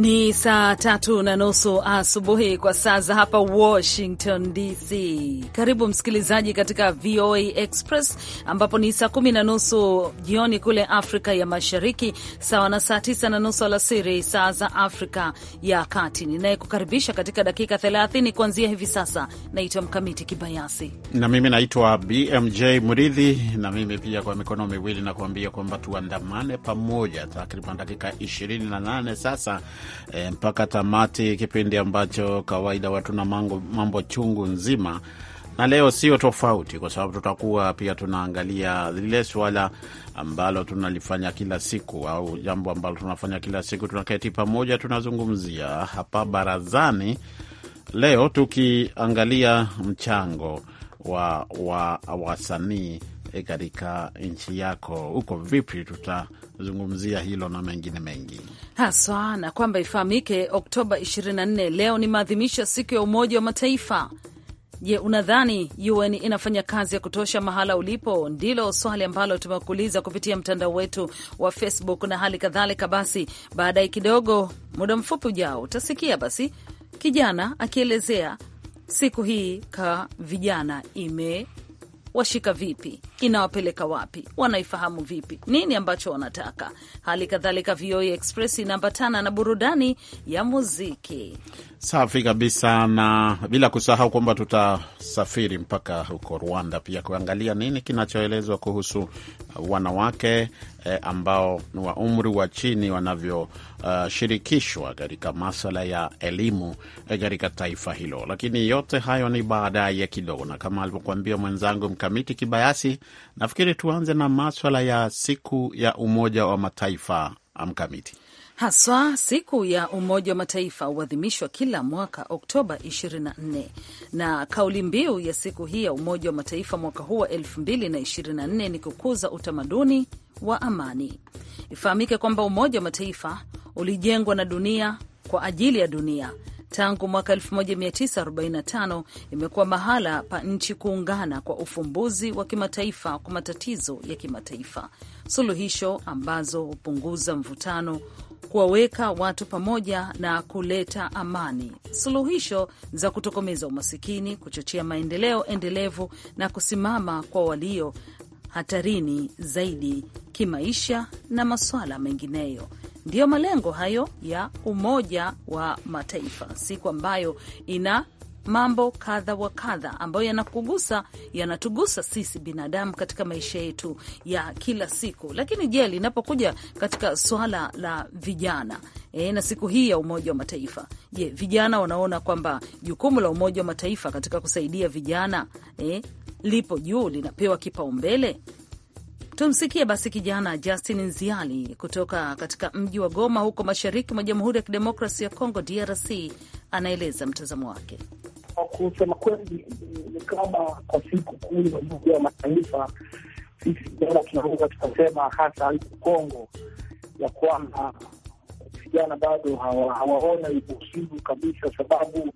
Ni saa tatu na nusu asubuhi kwa saa za hapa Washington DC. Karibu msikilizaji katika VOA Express, ambapo ni saa kumi na nusu jioni kule Afrika ya Mashariki, sawa na saa tisa na nusu alasiri saa za Afrika ya Kati. Ninayekukaribisha katika dakika 30 kuanzia hivi sasa naitwa Mkamiti Kibayasi na mimi naitwa BMJ Mridhi. Na mimi pia kwa mikono miwili nakuambia kwamba tuandamane pamoja takriban dakika 28 sasa e, mpaka tamati, kipindi ambacho kawaida watu na mambo chungu nzima na leo sio tofauti, kwa sababu tutakuwa pia tunaangalia lile suala ambalo tunalifanya kila siku au jambo ambalo tunafanya kila siku, tunaketi pamoja, tunazungumzia hapa barazani leo, tukiangalia mchango wa, wa wasanii e, katika nchi yako huko vipi? Tutazungumzia hilo na mengine mengi haswa, na kwamba ifahamike, Oktoba 24 leo ni maadhimisho ya siku ya Umoja wa Mataifa. Je, unadhani UN inafanya kazi ya kutosha mahala ulipo? Ndilo swali ambalo tumekuuliza kupitia mtandao wetu wa Facebook na hali kadhalika. Basi baadaye kidogo, muda mfupi ujao, utasikia basi kijana akielezea siku hii ka vijana ime washika vipi, inawapeleka wapi, wanaifahamu vipi, nini ambacho wanataka. Hali kadhalika, VOA e Express inaambatana na burudani ya muziki. Safi kabisa, na bila kusahau kwamba tutasafiri mpaka huko Rwanda pia kuangalia nini kinachoelezwa kuhusu wanawake eh, ambao ni wa umri wa chini wanavyoshirikishwa uh, katika maswala ya elimu eh, katika eh, taifa hilo. Lakini yote hayo ni baadaye kidogo, na kama alivyokuambia mwenzangu Mkamiti Kibayasi, nafikiri tuanze na maswala ya siku ya Umoja wa Mataifa. Mkamiti haswa siku ya Umoja wa Mataifa huadhimishwa kila mwaka Oktoba 24 na kauli mbiu ya siku hii ya Umoja wa Mataifa mwaka huu wa 2024 ni kukuza utamaduni wa amani. Ifahamike kwamba Umoja wa Mataifa ulijengwa na dunia kwa ajili ya dunia. Tangu mwaka 1945 imekuwa mahala pa nchi kuungana kwa ufumbuzi wa kimataifa kwa matatizo ya kimataifa, suluhisho ambazo hupunguza mvutano kuwaweka watu pamoja na kuleta amani, suluhisho za kutokomeza umasikini, kuchochea maendeleo endelevu na kusimama kwa walio hatarini zaidi kimaisha na masuala mengineyo. Ndiyo malengo hayo ya Umoja wa Mataifa, siku ambayo ina mambo kadha wa kadha ambayo yanakugusa, yanatugusa sisi binadamu katika maisha yetu ya kila siku. Lakini je, linapokuja katika swala la vijana e, na siku hii ya Umoja wa Mataifa, je, vijana wanaona kwamba jukumu la Umoja wa Mataifa katika kusaidia vijana e, lipo juu, linapewa kipaumbele? Tumsikie basi kijana Justin Nziali kutoka katika mji wa Goma huko mashariki mwa Jamhuri ya Kidemokrasi ya congo DRC, anaeleza mtazamo wake. Kusema kweli, ni kama kwa siku kuu ya Umoja wa Mataifa sisi jana tunaweza tukasema hasa huko Kongo ya kwamba vijana bado hawaona umuhimu kabisa, sababu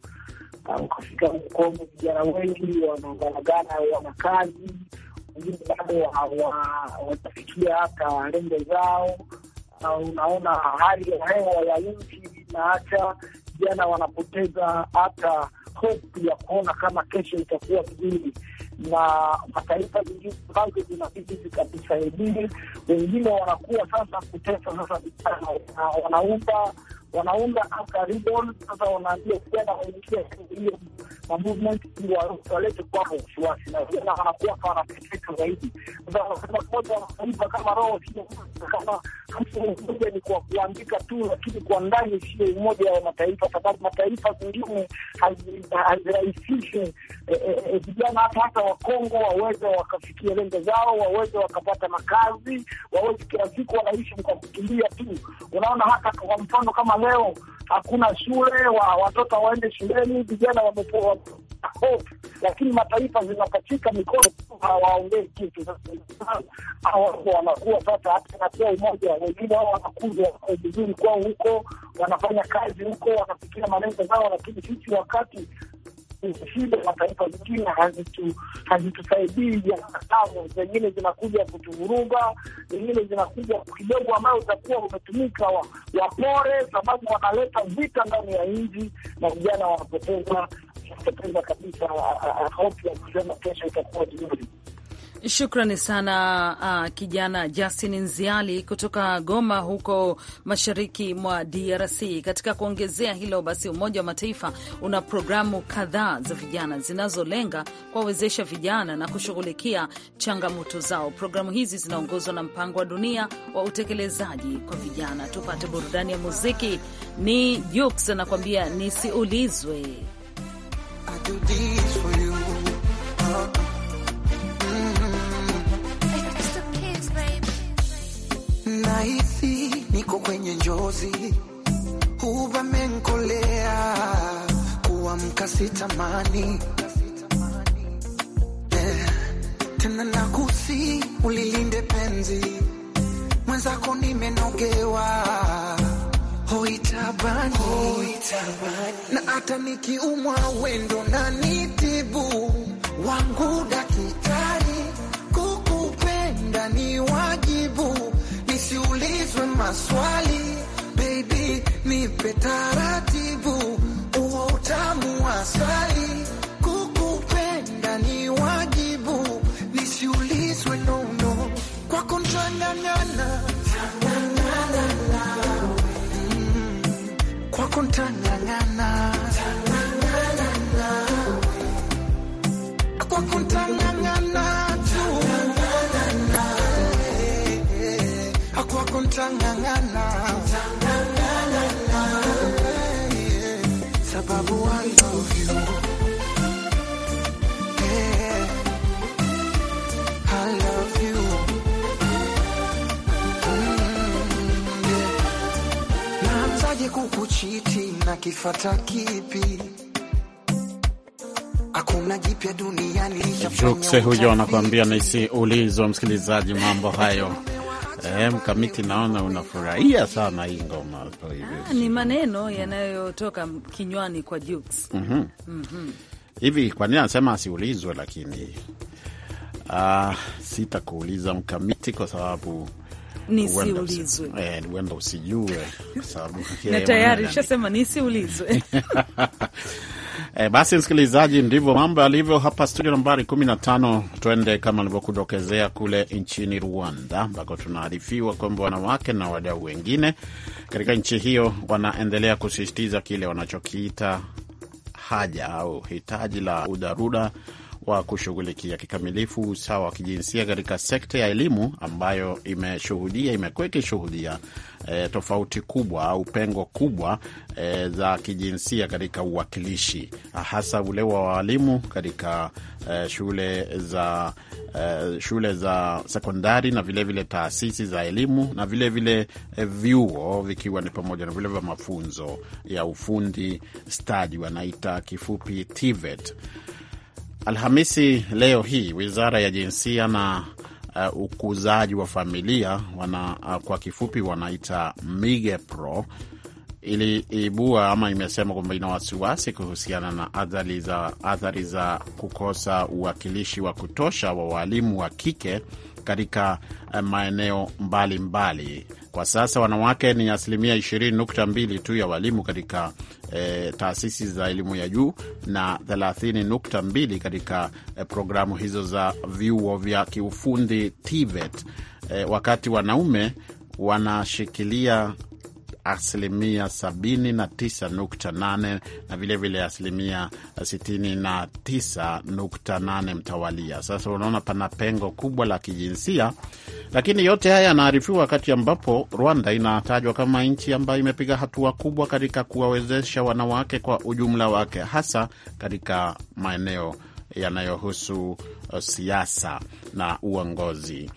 ah, ukafika huko Kongo vijana wengi wanaganagana, wana kazi, wengine bado hawajafikia hata lengo zao. Unaona hali ya hewa ya nchi inaacha vijana wanapoteza hata hope ya kuona kama kesho itakuwa vizuri, na mataifa zingine ambazo zinabidi kabisa wengine wanakuwa sasa kutesa sasa vijana wanaumba wanaunda hata sasa, wanaambia vijana waingia hiyo na movement walete kwao wasiwasi, na zaidi. Sasa wanasema kama roho sio kama ni kwa kuandika tu, lakini kwa ndani sio Umoja wa Mataifa, sababu mataifa zingine hazirahisishi eh, eh, eh, vijana hata hata Wakongo waweze wakafikia lengo zao, waweze wakapata makazi, waweze kila siku wanaishi kwa kukimbia tu. Unaona, hata kwa mfano kama leo hakuna shule, watoto waende shuleni, vijana wamepoa hofu, lakini mataifa zinapatika mikono, hawaongei kitu. Hawa wanakuwa sasa hata nakuwa umoja, wengine wao wanakuja vizuri kwao huko, wanafanya kazi huko, wanafikia malengo zao, lakini sisi wakati shida za taifa zingine hazitusaidii, jaatano zengine zinakuja kutuvuruga, zengine zinakuja kidogo, ambayo utakuwa umetumika wapore, sababu wanaleta vita ndani ya nji na vijana wanapoteza wanapoteza kabisa ah, ah, ah, hofu ya kusema kesho itakuwa vizuri. Shukrani sana uh, kijana Justin Nziali kutoka Goma huko mashariki mwa DRC. Katika kuongezea hilo basi, Umoja wa Mataifa una programu kadhaa za vijana zinazolenga kuwawezesha vijana na kushughulikia changamoto zao. Programu hizi zinaongozwa na Mpango wa Dunia wa Utekelezaji kwa Vijana. Tupate burudani ya muziki. Ni Jux anakuambia nisiulizwe, atulizwe kwenye njozi huvamenkolea kuwa sitamani eh, tena nakusi ulilinde penzi mwenzako nimenogewa hoitabani na hata nikiumwa wendo na nitibu wangu dakitari kukupenda ni wajibu Uswe maswali baby, nipe taratibu Utapata kipi? Hakuna jipya duniani. huyo anakuambia nisi ulizo, msikilizaji, mambo hayo Eh, Mkamiti, naona unafurahia sana hii ngoma. Ah, ni maneno yanayotoka kinywani kwa Jux. mm -hmm. mm -hmm. Hivi kwa nini anasema asiulizwe? Lakini ah, sitakuuliza Mkamiti kwa sababu nisiulizwe, huenda eh, usijue na tayari shasema nisiulizwe. Eh, basi msikilizaji, ndivyo mambo yalivyo hapa studio nambari 15. Twende kama alivyokudokezea kule nchini Rwanda, ambako tunaarifiwa kwamba wanawake na wadau wengine katika nchi hiyo wanaendelea kusisitiza kile wanachokiita haja au hitaji la udharura wa kushughulikia kikamilifu usawa wa kijinsia katika sekta ya elimu ambayo imeshuhudia imekuwa ikishuhudia e, tofauti kubwa au pengo kubwa e, za kijinsia katika uwakilishi hasa ule wa walimu katika e, shule za Uh, shule za sekondari na vilevile vile taasisi za elimu na vilevile vile vyuo vikiwa ni pamoja na vile vya mafunzo ya ufundi stadi wanaita kifupi TVET. Alhamisi leo hii wizara ya jinsia na uh, ukuzaji wa familia wana, uh, kwa kifupi wanaita MIGEPRO iliibua ama imesema kwamba ina wasiwasi kuhusiana na athari za, athari za kukosa uwakilishi wa kutosha wa waalimu wa kike katika eh, maeneo mbalimbali mbali. Kwa sasa wanawake ni asilimia 20.2 tu ya walimu katika e, taasisi za elimu ya juu na 30.2 katika e, programu hizo za vyuo vya kiufundi TVET, e, wakati wanaume wanashikilia asilimia 79.8 na vilevile asilimia 69.8 mtawalia. Sasa unaona pana pengo kubwa la kijinsia, lakini yote haya yanaarifiwa wakati ambapo Rwanda inatajwa kama nchi ambayo imepiga hatua kubwa katika kuwawezesha wanawake kwa ujumla wake, hasa katika maeneo yanayohusu uh, siasa na uongozi.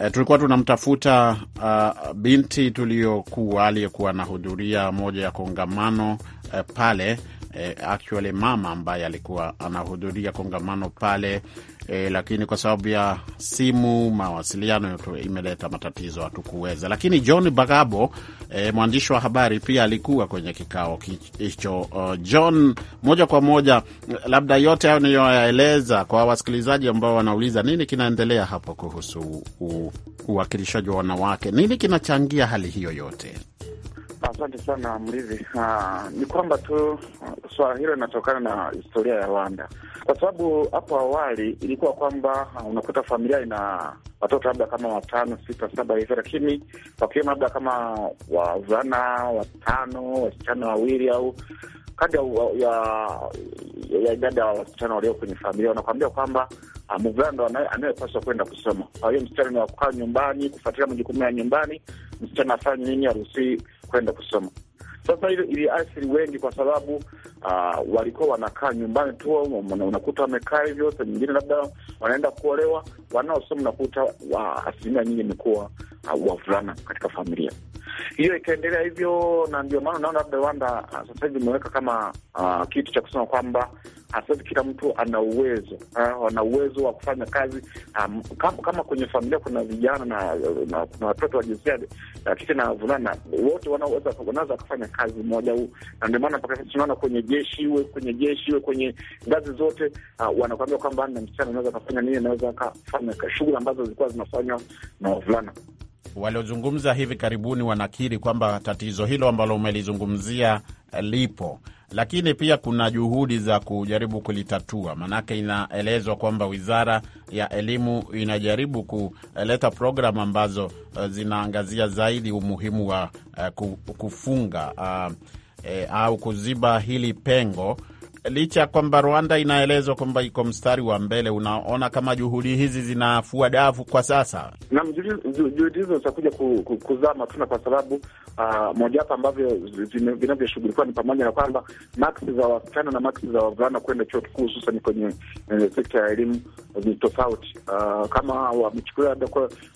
E, tulikuwa tunamtafuta uh, binti tuliyokuwa aliyekuwa anahudhuria moja ya kongamano uh, pale eh, actually mama ambaye alikuwa anahudhuria kongamano pale eh, lakini kwa sababu ya simu mawasiliano imeleta matatizo, hatukuweza. Lakini John Bagabo eh, mwandishi wa habari pia alikuwa kwenye kikao hicho. Uh, John, moja kwa moja, labda yote hayo niyoyaeleza kwa wasikilizaji ambao wanauliza nini kinaendelea hapo kuhusu uwakilishaji wa wanawake, nini kinachangia hali hiyo yote? Asante sana Mlizi. Ah, ni kwamba tu ah, swala hilo linatokana na historia ya Rwanda, kwa sababu hapo awali ilikuwa kwamba ah, unakuta familia ina watoto labda kama watano, sita, saba hivyo, lakini wakiwemo labda kama wavulana watano, wasichana wawili au kadi ya idadi ya wasichana walio kwenye familia, wanakuambia kwamba mvulana anayepaswa kwenda kusoma. Kwa hiyo msichana ni wakukaa nyumbani kufuatilia majukumu ya nyumbani, msichana afanye nini, aruhusii kwenda kusoma. Sasa hilo iliathiri wengi, kwa sababu uh, walikuwa wanakaa nyumbani tu, unakuta wamekaa hivyo. sa nyingine labda wanaenda kuolewa, wanaosoma unakuta wa asilimia nyingi imekuwa uh, wavulana katika familia hiyo. Ikaendelea hivyo, na ndio maana unaona labda Rwanda uh, sasa hivi imeweka kama uh, kitu cha kusema kwamba hasa kila mtu ana uwezo ana uwezo wa kufanya kazi um, kama, kama kwenye familia kuna vijana na, na kuna watoto wa jinsia ya kike na wavulana, wote wanaweza wanaweza kufanya kazi moja huu, na ndio maana mpaka sasa tunaona kwenye jeshi iwe kwenye jeshi iwe kwenye ngazi zote uh, wanakuambia kwamba na msichana anaweza akafanya nini, anaweza akafanya shughuli ambazo zilikuwa zinafanywa na wavulana. Waliozungumza hivi karibuni wanakiri kwamba tatizo hilo ambalo umelizungumzia lipo, lakini pia kuna juhudi za kujaribu kulitatua. Maanake inaelezwa kwamba wizara ya elimu inajaribu kuleta programu ambazo eh, zinaangazia zaidi umuhimu wa eh, kufunga ah, eh, au kuziba hili pengo licha ya kwamba Rwanda inaelezwa kwamba iko mstari wa mbele, unaona kama juhudi hizi zinafua dafu kwa sasa? Naam, juhudi hizo zitakuja kuzaa matunda kwa sababu uh, mojawapo ambavyo vinavyoshughulikiwa ni pamoja na kwamba maksi za wasichana na maksi za wavulana kwenda chuo kikuu hususan kwenye eh, sekta ya elimu ni tofauti. Uh, kama wamechukulia labda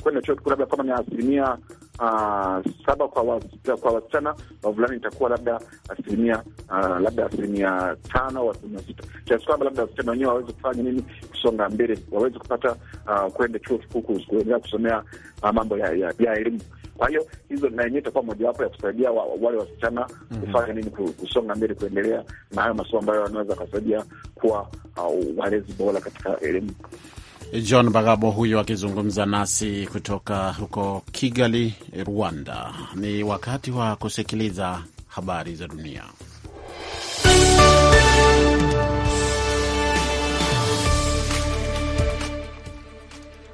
kwenda chuo kikuu labda kama ni asilimia uh, saba kwa wasichana kwa wa wavulana itakuwa labda asilimia uh, labda asilimia tano au asilimia sita, kiasi kwamba labda wasichana wenyewe waweze kufanya nini, kusonga mbele, waweze kupata uh, kwenda chuo kikuu kuendelea kusomea uh, mambo ya, ya, ya elimu. Kwa hiyo hizo na yenyewe itakuwa mojawapo ya kusaidia wa, wale wasichana mm -hmm. kufanya nini, kusonga mbele, kuendelea na hayo masomo ambayo wanaweza wakasaidia kuwa uh, walezi bora katika elimu. John Bagabo huyo akizungumza nasi kutoka huko Kigali, Rwanda. Ni wakati wa kusikiliza habari za dunia.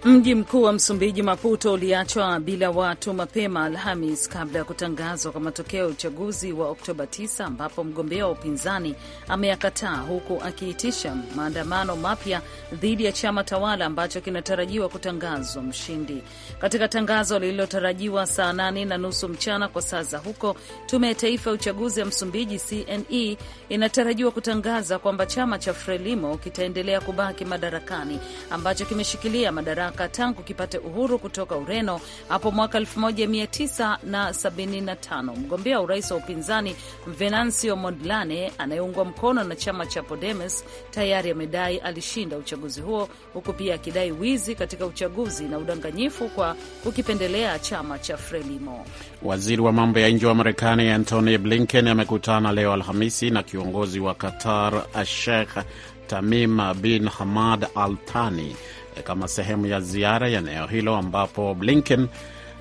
Mji mkuu wa Msumbiji, Maputo, uliachwa bila watu mapema Alhamis kabla ya kutangazwa kwa matokeo ya uchaguzi wa Oktoba 9 ambapo mgombea wa upinzani ameyakataa huku akiitisha maandamano mapya dhidi ya chama tawala ambacho kinatarajiwa kutangazwa mshindi. Katika tangazo lililotarajiwa saa nane na nusu mchana kwa saa za huko, tume ya taifa ya uchaguzi ya Msumbiji CNE inatarajiwa kutangaza kwamba chama cha Frelimo kitaendelea kubaki madarakani ambacho kimeshikilia madaraka Afrika tangu kipate uhuru kutoka Ureno hapo mwaka 1975. Mgombea wa urais wa upinzani Venancio Mondlane anayeungwa mkono na chama cha Podemos tayari amedai alishinda uchaguzi huo, huku pia akidai wizi katika uchaguzi na udanganyifu kwa kukipendelea chama cha Frelimo. Waziri wa mambo ya nje wa Marekani Antony Blinken amekutana leo Alhamisi na kiongozi wa Qatar Sheikh Tamim bin Hamad Al Thani kama sehemu ya ziara ya eneo hilo ambapo Blinken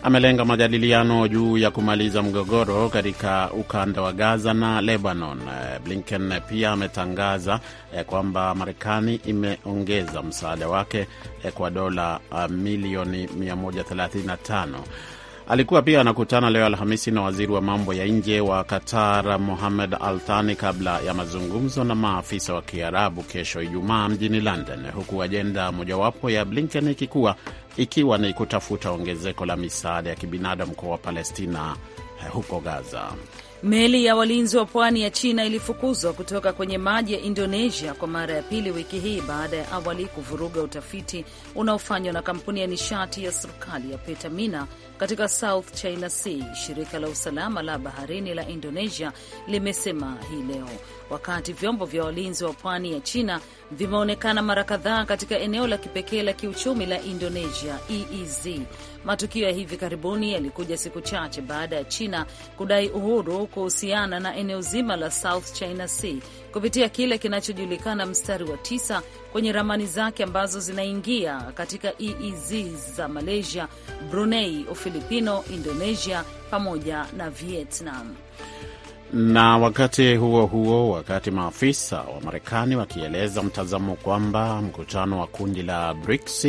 amelenga majadiliano juu ya kumaliza mgogoro katika ukanda wa Gaza na Lebanon. Blinken pia ametangaza eh, kwamba Marekani imeongeza msaada wake eh, kwa dola ah, milioni 135 Alikuwa pia anakutana leo Alhamisi na waziri wa mambo ya nje wa Qatar Mohamed Al Thani kabla ya mazungumzo na maafisa wa Kiarabu kesho Ijumaa mjini London, huku ajenda mojawapo ya Blinken ikikuwa ikiwa ni kutafuta ongezeko la misaada ya kibinadamu kwa Wapalestina huko Gaza. Meli ya walinzi wa pwani ya China ilifukuzwa kutoka kwenye maji ya Indonesia kwa mara ya pili wiki hii baada ya awali kuvuruga utafiti unaofanywa na kampuni ya nishati ya serikali ya petamina katika South China Sea, shirika la usalama la baharini la Indonesia limesema hii leo, wakati vyombo vya walinzi wa pwani ya China vimeonekana mara kadhaa katika eneo la kipekee la kiuchumi la Indonesia EEZ Matukio ya hivi karibuni yalikuja siku chache baada ya China kudai uhuru kuhusiana na eneo zima la South China Sea kupitia kile kinachojulikana mstari wa tisa kwenye ramani zake ambazo zinaingia katika EEZ za Malaysia, Brunei, Ufilipino, Indonesia pamoja na Vietnam. Na wakati huo huo, wakati maafisa wa Marekani wakieleza mtazamo kwamba mkutano wa kundi la BRICS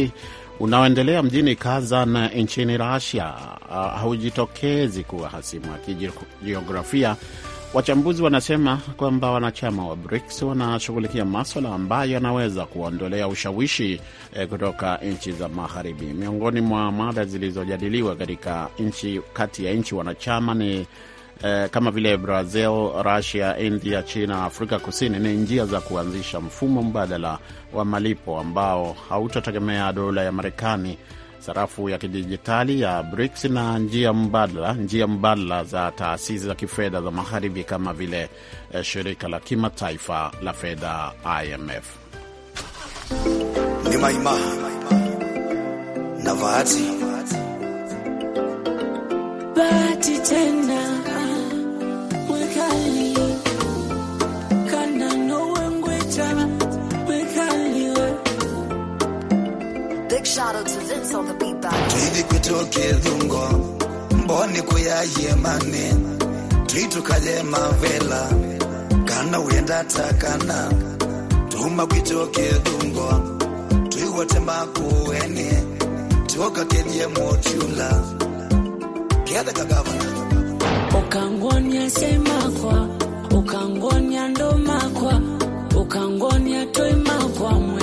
unaoendelea mjini Kazan nchini rasia ah, haujitokezi kuwa hasimu wa kijiografia. Wachambuzi wanasema kwamba wanachama wa BRICS wanashughulikia maswala ambayo yanaweza kuondolea ushawishi eh, kutoka nchi za magharibi. Miongoni mwa mada zilizojadiliwa katika nchi kati ya nchi wanachama ni eh, kama vile Brazil, Russia, India, China, Afrika Kusini ni njia za kuanzisha mfumo mbadala wa malipo ambao hautategemea dola ya Marekani, sarafu ya kidijitali ya BRICS na njia mbadala, njia mbadala za taasisi za kifedha za magharibi kama vile eh, shirika la kimataifa la fedha IMF. Ni Maimaha na Vaati bahati tena Twidi kutoke lungo mboni kuyaye mane twitukaye mavela kana uyenda takana tuma kuitoke lungo twiwotema kuene twokakelie motula kedakagavana ukangonia semakwa ukangonia ndomakwa ukangonia toimakwa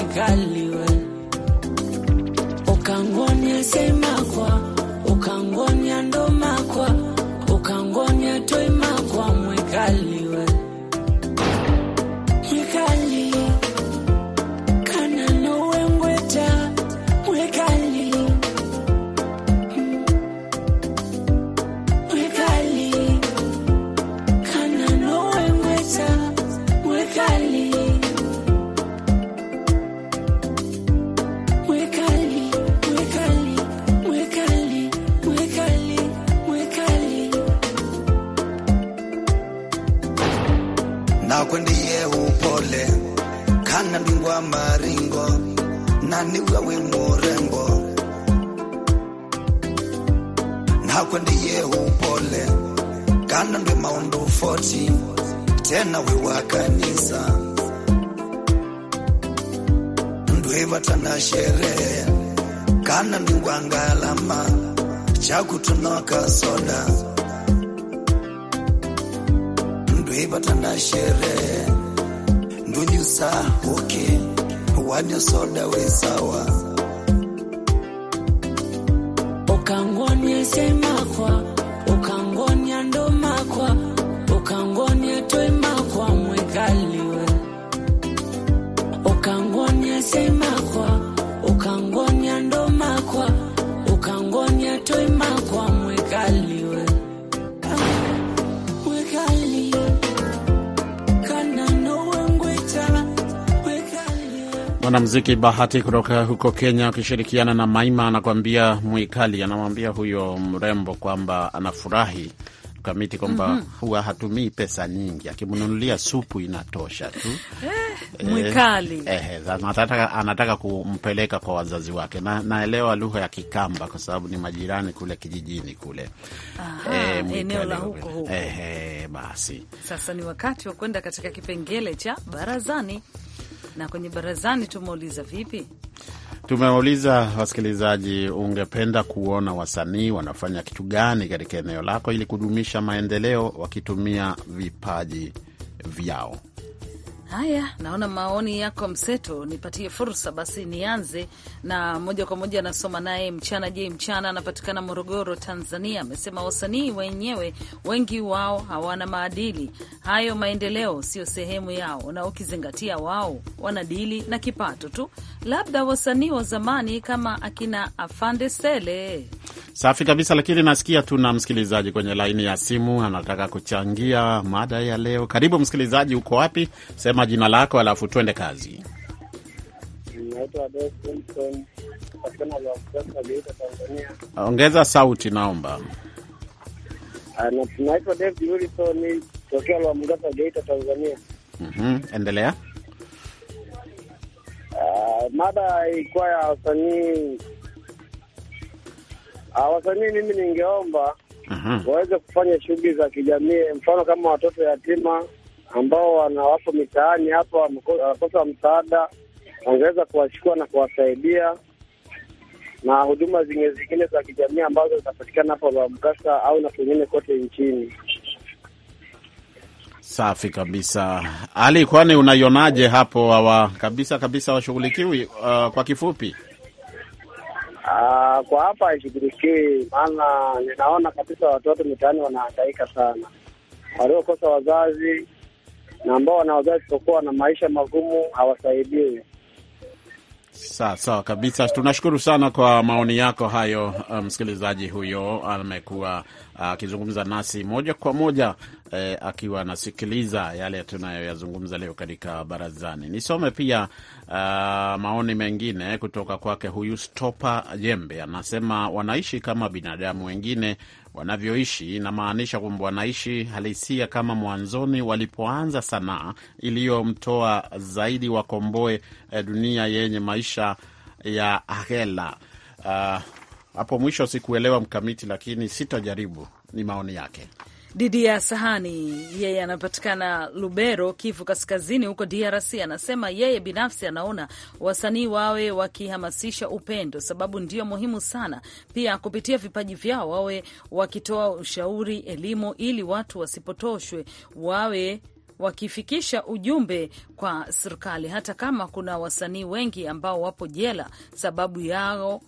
mawe wa kanisa, ndwe vatana sherehe kana ni wangalama chakutunoka soda ndwe vatana sherehe ndunyusa hoke wanya soda wesawa mwanamziki Bahati kutoka huko Kenya akishirikiana na Maima anakuambia mwikali, anamwambia huyo mrembo kwamba anafurahi kamiti kwamba mm -hmm. huwa hatumii pesa nyingi, akimnunulia supu inatosha tu eh, eh mwikali eh, eh anataka, anataka kumpeleka kwa wazazi wake na, naelewa lugha ya Kikamba kwa sababu ni majirani kule kijijini kule eh, eneo la huko huko eh, eh, basi sasa ni wakati wa kwenda katika kipengele cha barazani. Na kwenye barazani tumeuliza vipi? Tumeuliza wasikilizaji, ungependa kuona wasanii wanafanya kitu gani katika eneo lako ili kudumisha maendeleo wakitumia vipaji vyao? Haya, naona maoni yako mseto, nipatie fursa basi. Nianze na moja kwa moja, anasoma naye Mchana Je Mchana, anapatikana Morogoro, Tanzania. Amesema wasanii wenyewe wengi wao hawana maadili, hayo maendeleo sio sehemu yao, na ukizingatia wao wanadili na kipato tu, labda wasanii wa zamani kama akina Afande Sele Safi kabisa. Lakini nasikia tuna msikilizaji kwenye laini ya simu anataka kuchangia mada ya leo. Karibu msikilizaji, uko wapi? Sema jina lako alafu twende kazi. Ongeza sauti naomba. Mm-hmm. Endelea. Uh, ah, endelea. Mada ilikuwa ya wasanii Ah, wasanii mimi ningeomba mhm. waweze kufanya shughuli za kijamii, mfano kama watoto yatima ambao wanawapo mitaani hapa wanakosa msaada, wangeweza kuwachukua na kuwasaidia, na huduma zingine zingine za kijamii ambazo zinapatikana hapa Lwabugasa au na kwengine kote nchini. Safi kabisa. Ali, kwani unaionaje hapo? Hawa kabisa kabisa washughulikiwi? Uh, kwa kifupi Ah, kwa hapa haishughulikii, maana ninaona kabisa watoto mitaani wanahangaika sana, waliokosa wazazi na ambao wana wazazi pokuwa na maisha magumu hawasaidiwi. Sawa sawa kabisa, tunashukuru sana kwa maoni yako hayo. Uh, msikilizaji um, huyo amekuwa uh, akizungumza uh, nasi moja kwa moja eh, akiwa anasikiliza yale tunayoyazungumza leo katika barazani. Nisome pia uh, maoni mengine kutoka kwake huyu Stopa Jembe, anasema wanaishi kama binadamu wengine wanavyoishi inamaanisha kwamba wanaishi halisia kama mwanzoni walipoanza sanaa iliyomtoa zaidi wakomboe eh, dunia yenye maisha ya hela. Uh, hapo mwisho sikuelewa mkamiti, lakini sitajaribu. Ni maoni yake. Didia Sahani yeye anapatikana Lubero, Kivu Kaskazini, huko DRC. Anasema yeye binafsi anaona wasanii wawe wakihamasisha upendo, sababu ndio muhimu sana. Pia kupitia vipaji vyao wawe wakitoa ushauri, elimu, ili watu wasipotoshwe, wawe wakifikisha ujumbe kwa serikali, hata kama kuna wasanii wengi ambao wapo jela sababu yao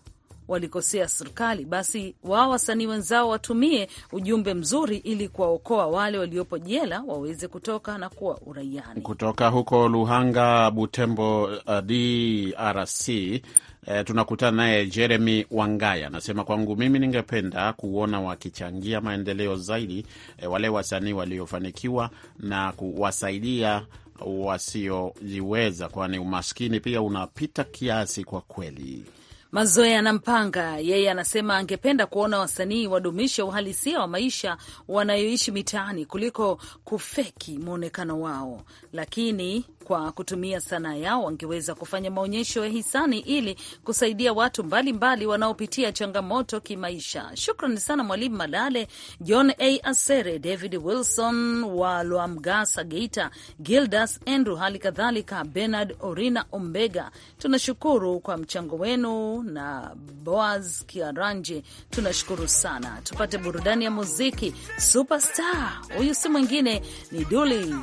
walikosea serikali, basi wao wasanii wenzao watumie ujumbe mzuri ili kuwaokoa wale waliopo jela waweze kutoka na kuwa uraiani. Kutoka huko Luhanga, Butembo, uh, DRC. E, eh, tunakutana naye Jeremy Wangaya anasema, kwangu mimi ningependa kuona wakichangia maendeleo zaidi e, wale wasanii waliofanikiwa na kuwasaidia wasiojiweza, kwani umaskini pia unapita kiasi kwa kweli. Mazoea na Mpanga yeye anasema angependa kuona wasanii wadumishe uhalisia wa maisha wanayoishi mitaani kuliko kufeki mwonekano wao, lakini kwa kutumia sanaa yao wangeweza kufanya maonyesho ya hisani ili kusaidia watu mbalimbali wanaopitia changamoto kimaisha. Shukrani sana Mwalimu Malale, John A Asere, David Wilson wa Lwamgasa Geita, Gildas Andrew, hali kadhalika Bernard Orina Ombega, tunashukuru kwa mchango wenu na Boaz Kiaranje, tunashukuru sana. Tupate burudani ya muziki. Superstar huyu si mwingine ni Duli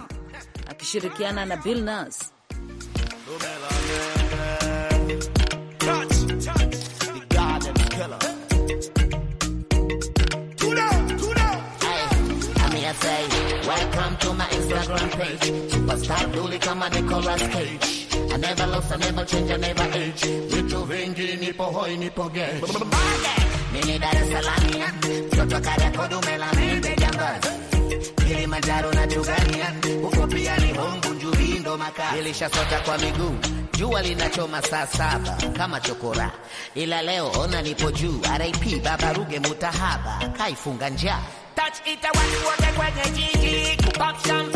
akishirikiana na Bill Welcome to my Instagram page. Superstar Duli kama Nicolas Cage I never love, I never change, I never age. Vitu vingi nipo hoi, nipo gay. Mimi Dar es Salaam, kutoka Kariakoo umelambe jambazi. Kilimanjaro na Tanzania, huko pia ni hongo njuri ndo makaa. Nilishasota kwa miguu, jua linachoma saa saba kama chokora. Ila leo ona nipo juu, RIP Baba Ruge mutahaba, kaifunga njaa. Touch ita watu wote kwenye jiji, kupop champagne.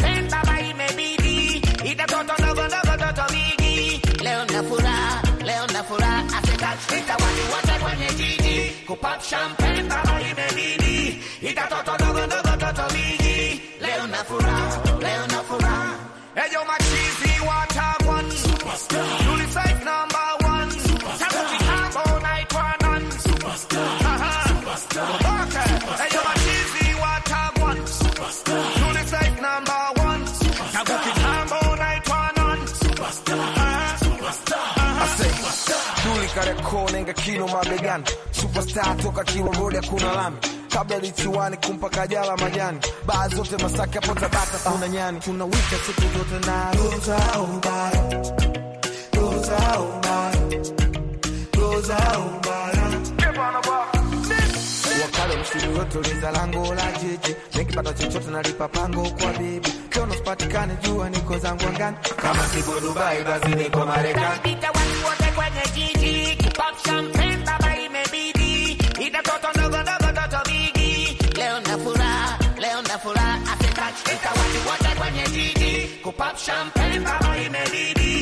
Wanaita waliwata kwenye jiji kupop champagne kama limelidi ita toto dogo dogo toto mingi leo na furaha leo na furaha ejo machizi wata Kariakoo nenga kino mabegani, superstar toka Kilogoli hakuna lami kabla lichiwani kumpa kajala majani baa zote Masaka hapo Tabata kuna nyani tuna wika siku zote na roza umbara roza umbara roza umbara wakale lango la jiji nikipata chochote nalipa pango kwa bibi jua niko zangu angani kama sipo Dubai basi niko Marekani pop champagne, baba imebidi. Itatoto ndogo ndogo toto bigi. Leo na furaha, leo na furaha. After touch, when you're jiji. Kupop champagne, baba imebidi.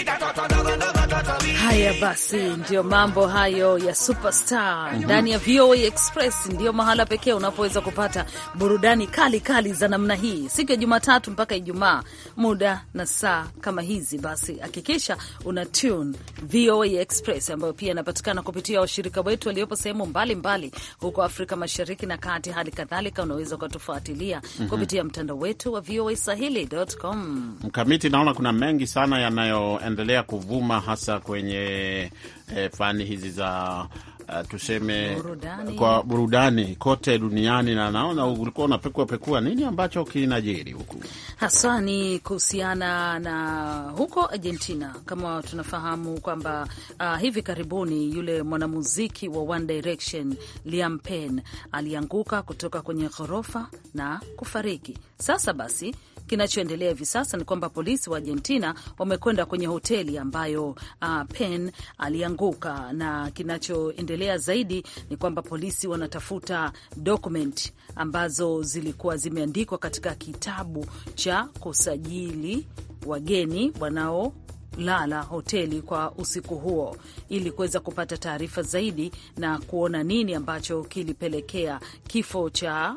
Itatoto ndogo ndogo Haya basi, ndio mambo hayo ya superstar ndani mm -hmm. ya VOA Express Ndio mahala pekee unapoweza kupata burudani kali kali za namna hii, siku ya Jumatatu mpaka Ijumaa, muda na saa kama hizi. Basi hakikisha una tune VOA Express ambayo pia inapatikana kupitia washirika wetu waliopo sehemu mbalimbali huko Afrika Mashariki na Kati. Hali kadhalika unaweza ukatufuatilia mm -hmm. kupitia mtandao wetu wa VOA Swahili.com. Mkamiti, naona kuna mengi sana yanayoendelea kuvuma hasa kwa kwenye eh, fani hizi za Uh, tuseme burudani, kwa burudani kote duniani, na naona ulikuwa unapekua pekua nini ambacho kinajiri huku, haswa ni kuhusiana na huko Argentina. Kama tunafahamu kwamba uh, hivi karibuni yule mwanamuziki wa One Direction Liam Payne alianguka kutoka kwenye ghorofa na kufariki. Sasa basi Kinachoendelea hivi sasa ni kwamba polisi wa Argentina wamekwenda kwenye hoteli ambayo uh, ah, Pen alianguka, na kinachoendelea zaidi ni kwamba polisi wanatafuta document ambazo zilikuwa zimeandikwa katika kitabu cha kusajili wageni wanao lala hoteli kwa usiku huo ili kuweza kupata taarifa zaidi na kuona nini ambacho kilipelekea kifo cha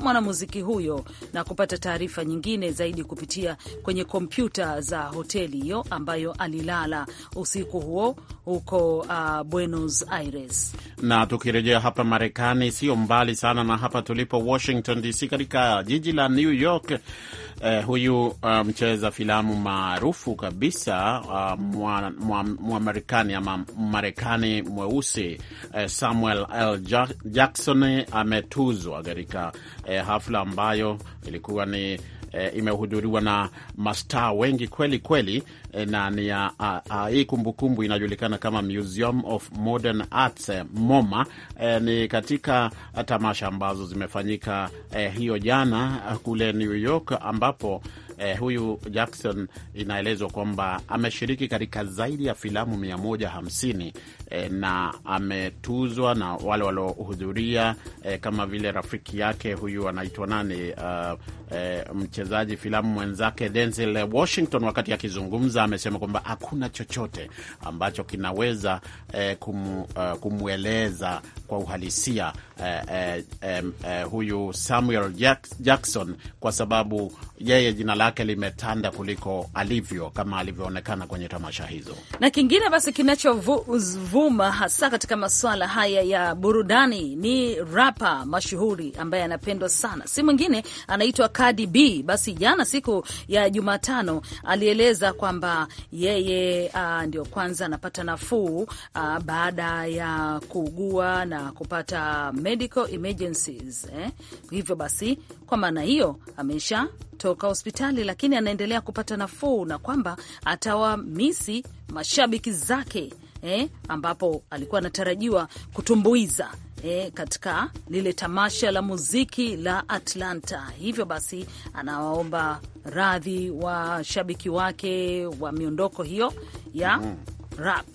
mwanamuziki huyo na kupata taarifa nyingine zaidi kupitia kwenye kompyuta za hoteli hiyo ambayo alilala usiku huo huko uh, Buenos Aires. Na tukirejea hapa Marekani, sio mbali sana na hapa tulipo Washington DC, katika jiji la New York Eh, huyu eh, mcheza filamu maarufu kabisa uh, Mwamarekani mwa, mwa ama Marekani mweusi eh, Samuel L. Jackson ametuzwa katika eh, hafla ambayo ilikuwa ni eh, imehudhuriwa na mastaa wengi kweli kweli Eh, na ni ya hii kumbukumbu inajulikana kama Museum of Modern Arts eh, MoMA. eh, ni katika tamasha ambazo zimefanyika eh, hiyo jana eh, kule New York ambapo Eh, huyu Jackson inaelezwa kwamba ameshiriki katika zaidi ya filamu 150 e, na ametuzwa na wale waliohudhuria e, kama vile rafiki yake huyu anaitwa nani, uh, e, mchezaji filamu mwenzake Denzel Washington. Wakati akizungumza amesema kwamba hakuna chochote ambacho kinaweza e, kumweleza uh, kwa uhalisia eh, eh, eh, huyu Samuel Jackson kwa sababu yeye jina lake limetanda kuliko alivyo kama alivyoonekana kwenye tamasha hizo. Na kingine basi kinachovuma hasa katika masuala haya ya burudani ni rapa mashuhuri ambaye anapendwa sana, si mwingine anaitwa Cardi B. Basi jana siku ya Jumatano alieleza kwamba yeye uh, ndio kwanza anapata nafuu uh, baada ya kuugua na kupata me medical emergencies eh. Hivyo basi kwa maana hiyo amesha toka hospitali, lakini anaendelea kupata nafuu na kwamba atawamisi mashabiki zake eh, ambapo alikuwa anatarajiwa kutumbuiza E, katika lile tamasha la muziki la Atlanta. Hivyo basi anawaomba radhi washabiki wake wa miondoko hiyo ya mm -hmm. rap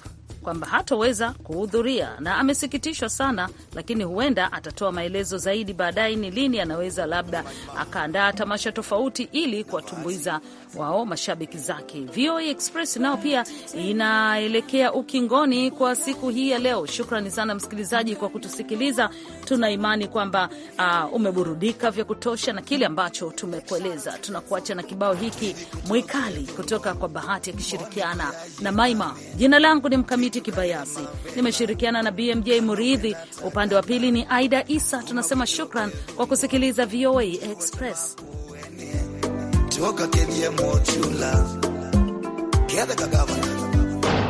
kwamba hatoweza kuhudhuria na amesikitishwa sana, lakini huenda atatoa maelezo zaidi baadaye, ni lini anaweza labda akaandaa tamasha tofauti ili kuwatumbuiza wao mashabiki zake. VOA Express nao pia inaelekea ukingoni kwa siku hii ya leo. Shukrani sana msikilizaji kwa kutusikiliza. Tuna imani kwamba uh, umeburudika vya kutosha na kile ambacho tumekueleza. Tunakuacha na kibao hiki mwikali kutoka kwa Bahati akishirikiana na Maima. Jina langu ni Mkamiti Mkamiti Kibayasi, nimeshirikiana na BMJ Muridhi, upande wa pili ni Aida Isa. Tunasema shukran kwa kusikiliza VOA Express.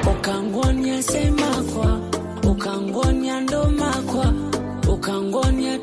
Ukangonya ukangonya ndomakwa ukangonya